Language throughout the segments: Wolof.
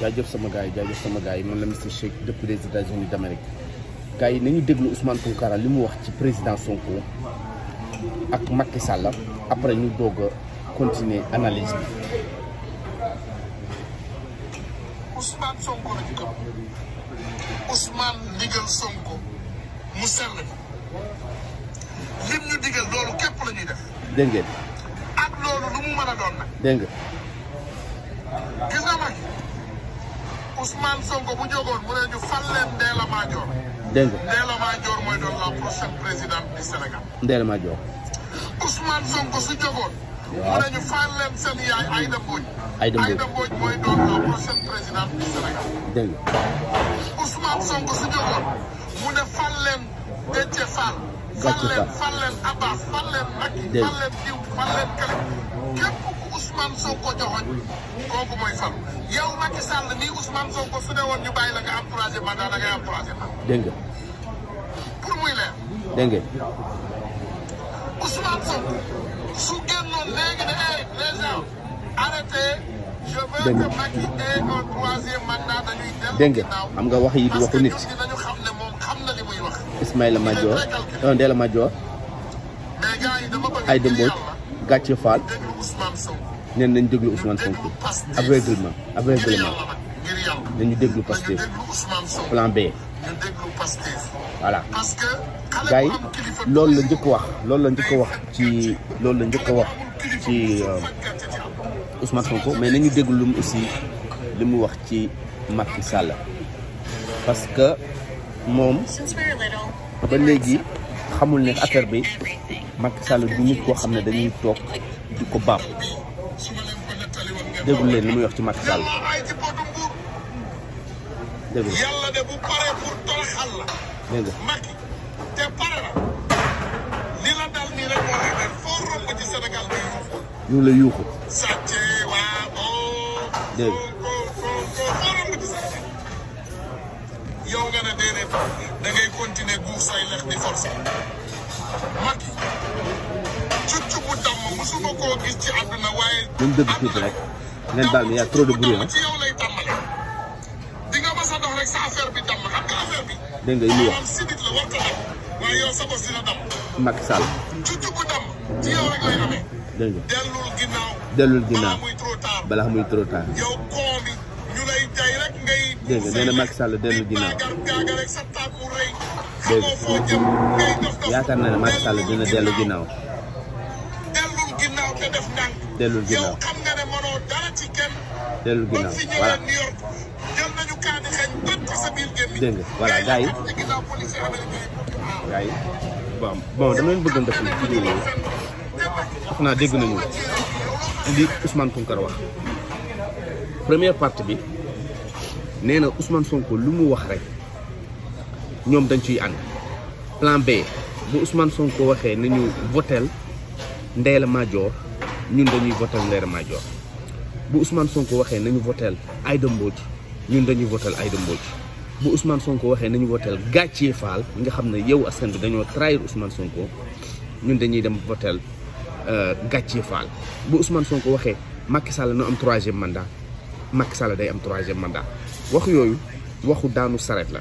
jaajëf sama gars yi jaajëf sama gars yi man la Mister Shake depuis les États-Unis d'Amérique gars yi nañu déglu Ousmane Tounkara li mu wax ci président Sonko ak Macky Sall après ñu doog a continuer analyse bi. Ousmane Sonko la ñu gëm Ousmane Sonko mu sell ko lim ñu digal loolu képp la def. dégg ak loolu lu mu mën a doon nag. dégg Ousmane Sonko bu jógoon mu ne ñu fal leen Ndella Madior. dégg nga su jógoon. mu ne ñu fal leen seen yaay Aïda Mbodj. Aïda Mbodj Aïda mu ne fal Déthié Fall. Déthié Abbas fal leen Macky diw fal leen képp ku Ousmane Sonko joxoñ kooku mooy falu yow Macky Sall nii Ousmane Sonko su ne woon ñu bàyyi la nga am troisième mandat da ngay am troisième mandat. dégg nga. pour muy leer. dégg nga. Ousmane Sonko su génnoon léegi ne eh les gens arrêtez. xam nga wax yi du waxu nit. Ismaïla Madior Ndella Madior Aïda Mbodj Gathie Fall neen déglu Ousmane Sonko aveuglement aveuglement nañu déglu Pastef plan B voilà gars yi la njëkk wax loolu la njëkk wax ci loolu la njëkk wax ci euh, Ousmane mais nañu déglu lu aussi li mu wax ci Macky Sall parce que moom ba léegi xamul ne affaire bi Macky Sall du nit koo xam ne dañuy toog di ko baab déglu leen li muy wax ci Macky Sall déglu yàlla de bu paree pour toroxal la dégg nga te pare na li la dal nii rek moo lay dal foo romb ci Sénégal ñu la yuuxu sàcce waa dégg continuer guux say lex di forcer Macky cucc bu damm mosuma koo gis ci àdduna waaye. nañ nga mas a rek sa affaire bi damm xam nga affaire bi. dégg nga li mu wax sidit la damm waaye Sall. cucc bu damm ci yow rek lay amee. dégg nga dellul ginnaaw. dellul ginnaaw balaa muy trop tard balaa ñu lay jay rek ngay. dégg nga nee Sall dellul ginnaaw. yaakaar na ne Macky Sall dina dellu ginnaaw. dellul ginnaaw te def ndànk. dellul ginnaaw yow xam nga jël nañu kaani xeeñ tëj sa biir gémmiñ. dégg nga voilà gars bon bon dama leen bëggoon def ci vidéo xanaa dégg nañu li Ousmane Tounkara wax première partie bi nee na Ousmane Sonko lu mu wax rek. ñoom dañ ciy ànd plan B bu Ousmane Sonko waxee nañu votel Ndella Madior ñun dañuy votel Ndella Madior bu Ousmane ko waxee nañu votel Aïda Mbodj ñun dañuy votel Aïda Mbodj bu Ousmane ko waxee nañu votel Gathie Fall nga xam ne yow askan bi dañoo trahir Ousmane Sonko ñun dañuy dem votel euh, Gathie Fall bu soo ko waxee Macky Sall na am troisième mandat Macky Sall day am troisième mandat wax yooyu waxu daanu saret la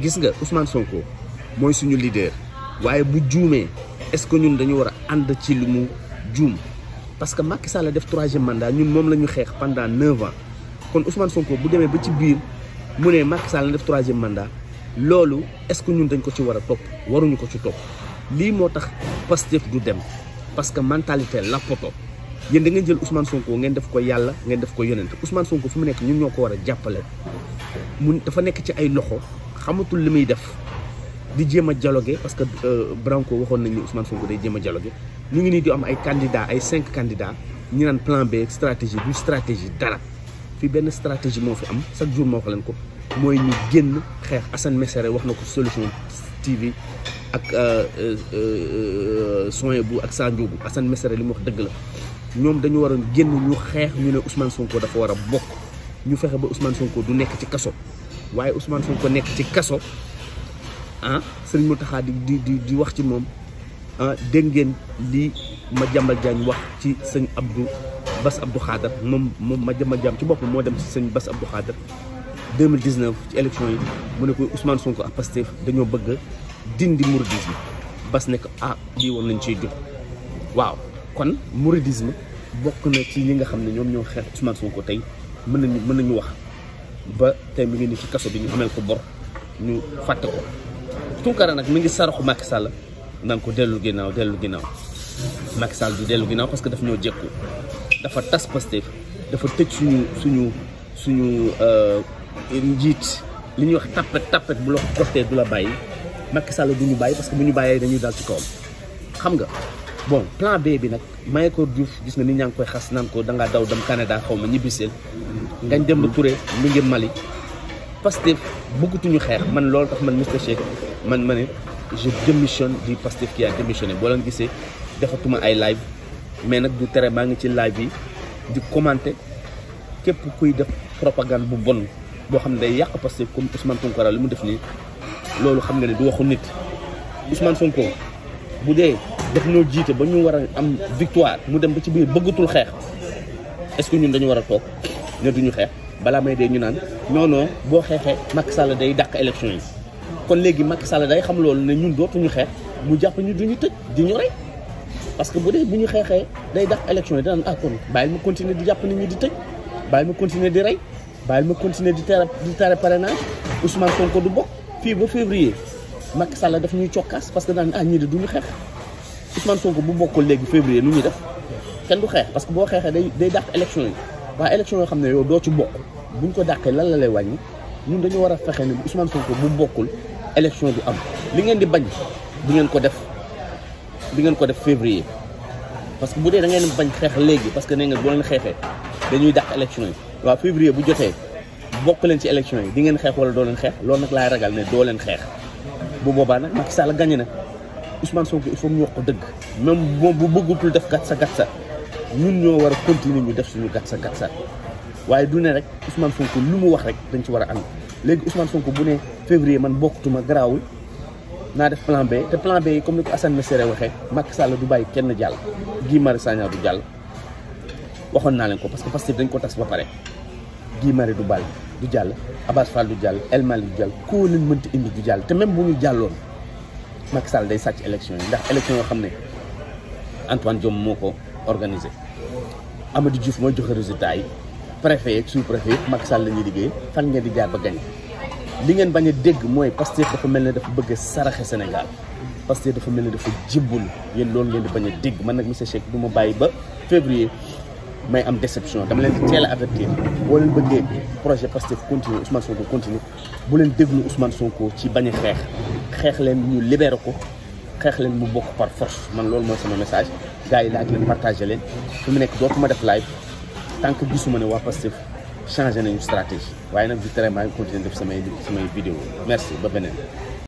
gis nga Ousmane Sonko mooy suñu leader waaye bu juumee est-ce que ñun dañu war a ànd ci li mu juum parce que Macky Sall def troisième mandat ñun moom la ñu xeex pendant neuf ans kon Ousmane Sonko bu demee ba ci biir mu ne Macky Sall def troisième mandat loolu est-ce ñun dañ ko ci war a topp waruñu ko ci topp lii moo tax Pastef du dem parce que mentalité la poto yéen da ngeen jël Ousmane Sonko ngeen def ko yàlla ngeen def ko yonent Ousmane Sonko fu mu nekk ñun ñoo ko war a jàppale mu dafa nekk ci ay loxo. xamatul li def di jéem dialogué parce que Branco waxoon nañ Ousmane Sonko day jéem dialogué ñu ngi nii di am ay candidats ay cinq candidats ñu naan plan B stratégie du stratégie dara fii benn stratégie moo fi am chaque jour moo wax leen ko mooy ñu génn xeex Assane Mesere wax na solution TV ak soin bu ak Sa Ndiogou Assane Mesere li mu wax dëgg la ñoom dañu waroon génn ñu xeex ñu ne Ousmane Sonko dafa war a bokk ñu fexe ba Ousmane Sonko du nekk ci kaso. waaye Ousmane Sonko nekk ci kaso ah Serigne Mountakha di di di wax ci moom ah dégg ngeen lii Madiambal Diagne wax ci sëñ Abdou Bass Abdou Khader moom moom Madiambal Diagne ci boppam moo dem ci sëñ Bass Abdou Khader 2019 ci élection yi mu ne ko Ousmane Sonko ak Pastef dañoo bëgg dindi mouridisme Bass ne ko ah lii woon nañ ciy jóg waaw kon mouridisme bokk na ci ñi nga xam ne ñoom ñoo xeex Ousmane ko tey mën nañu mën nañu wax. ba tey mi ngi ni ci kasso bi ñu amel ko bor ñu fatte ko tunkara nak mi ngi sarxu Macky Sall nang ko delu ginaaw delu ginaaw Macky Sall du delu ginaaw parce que daf ñoo jekku dafa tas Pastef dafa tecc suñu suñu suñu euh, njit li ñu wax tapet tapet bu la ko porté du la bayyi Macky Sall du ñu bayyi parce que bu ñu bàyyee dañuy dal ci kawam xam nga bon plan B bi may ko Diouf gis na ni ñang koy xass nan ko da nga daw dem Canada xawma ma Ngagne Demba Touré mu ngi Mali Pastef bëggatuñu xeex man loolu tax man Mister cheikh man mané je démissionne du Pastef qui a démissionné boo leen gisee defatuma ay live mais nak du téré maa ngi ci live yi di commenter képp kuy def propagande bu bon boo xam ne day yàq que comme Ousmane Sonko li mu def nii loolu xam nga ne du waxu nit Ousmane Sonko bu dee def ñoo jiite ba ñu war a am victoire mu dem ba ci biir bëggatul xeex est-ce que ñun dañu war a toog ne duñu xeex bala may dee ñu naan non non boo xeexee Macky Sall day dàq élection yi kon léegi Macky Sall day xam loolu ne ñun dootuñu xeex mu jàpp ñu duñu tëj di ñu rey parce que bu dee bu ñu xeexee day dàq élection yi danaan ah kon bàyyil ma continuer di jàpp nit ñi di tëj bàyyil ma continuer di rey bàyyil ma continuer di tere di tere parrainage Ousmane Sonko du bokk fii ba février Macky Sall daf ñuy cokkaas parce que daan ah ñii de duñu xeex Ousmane Sonko bu bokkul léegi février nu ñuy def kenn du xeex parce que boo xeexee day day dàq élection yi waaye élection yoo xam ne yow doo ci bokk buñ ko dàqee lan la lay wàññi ñun dañu war a fexe ne Ousmane Sonko bu bokkul élection du am li ngeen di bañ di ngeen ko def di ngeen ko def février parce que bu dee da ngeen bañ xeex léegi parce que nee nga boo leen xeexee dañuy dàq élection yi waaw février bu jotee bokk leen ci élection yi di ngeen xeex wala doo leen xeex loolu nag laay ragal ne doo leen xeex bu boobaa nag Macky Sall gagné na Ousmane Sonko il faut ñu wax ko dëgg même moom bu bëggutul def gàtt sa gàtt ñun ñoo war a continuer ñu def suñu gat sa gat waaye du ne rek Ousmane Sonko lu mu wax rek dañ ci war a ànd léegi Ousmane Sonko bu ne février man bokkatuma garaawul naa def plan B te plan B yi comme ni ko Assane Messere waxee Macky Sall du bàyyi kenn jàll gii Marius Sagna du jàll waxoon naa leen ko parce que dañ ko tas ba pare Guy Marius du bàyyi du jàll Abass Fall du jàll El Malick du jàll koo leen mënti indi du jàll te même bu ñu jàlloon Macky Sall day sàcc élection yi ndax élection yoo xam ne Antoine Diome moo ko organisé Amadou Diouf mooy joxe résultat yi préfet yeeg sous préfet yeeg Macky Sall la ñuy liggéey fan ngeen di jaar ba gañ li ngeen bañ a dégg mooy Pastef dafa mel ne dafa bëgg a saraxe Sénégal Pastef dafa mel ne dafa jibbul yéen loolu ngeen di bañ a dégg man nag monsieur Cheikh du ma bàyyi ba février may am déception dama leen di teel a avertir boo leen bëggee projet Pastef continue Ousmane Sonko continue bu leen déglu Ousmane Sonko ci bañ a xeex xeex leen ñu libéré ko xeex leen mu bokk par man loolu mooy sama message gars yi laaj leen partagé leen fi mu nekk dootuma def live tant que ma ne waa Pastef changé nañu stratégie waaye nag du terrain maa ngi continuer def samay samay vidéo merci ba beneen